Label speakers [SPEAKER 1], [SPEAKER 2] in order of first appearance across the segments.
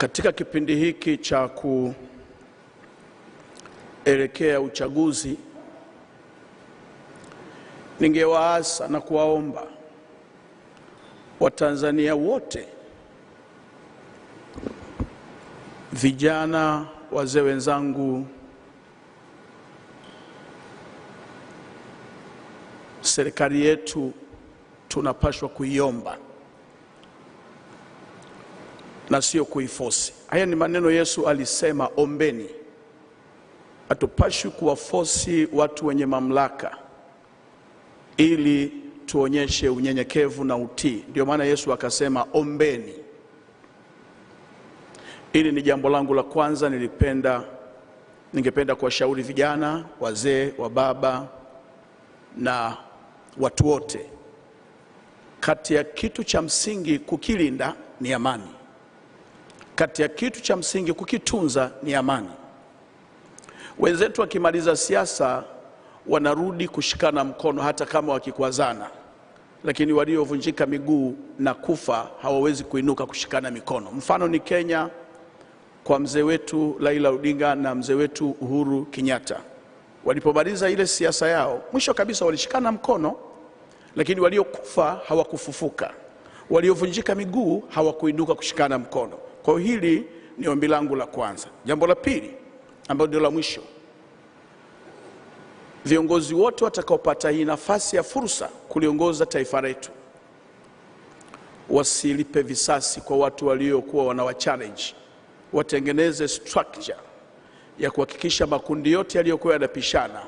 [SPEAKER 1] Katika kipindi hiki cha kuelekea uchaguzi, ningewaasa na kuwaomba Watanzania wote, vijana, wazee wenzangu, serikali yetu tunapashwa kuiomba na sio kuifosi. Haya ni maneno Yesu alisema, ombeni. Hatupashi kuwafosi watu wenye mamlaka, ili tuonyeshe unyenyekevu na utii. Ndio maana Yesu akasema ombeni. Hili ni jambo langu la kwanza, nilipenda ningependa kuwashauri vijana, wazee, wa baba na watu wote, kati ya kitu cha msingi kukilinda ni amani kati ya kitu cha msingi kukitunza ni amani. Wenzetu wakimaliza siasa wanarudi kushikana mkono hata kama wakikwazana, lakini waliovunjika miguu na kufa hawawezi kuinuka kushikana mikono. Mfano ni Kenya kwa mzee wetu Raila Odinga na mzee wetu Uhuru Kenyatta. Walipomaliza ile siasa yao, mwisho kabisa walishikana mkono, lakini waliokufa hawakufufuka, waliovunjika miguu hawakuinuka kushikana mkono. Kwa hili ni ombi langu la kwanza. Jambo la pili ambalo ndio la mwisho, viongozi wote watakaopata hii nafasi ya fursa kuliongoza taifa letu wasilipe visasi kwa watu waliokuwa wanawachallenge, watengeneze structure ya kuhakikisha makundi yote yaliyokuwa yanapishana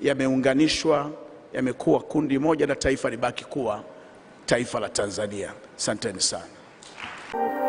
[SPEAKER 1] yameunganishwa, yamekuwa kundi moja na taifa libaki kuwa taifa la Tanzania. Asanteni sana.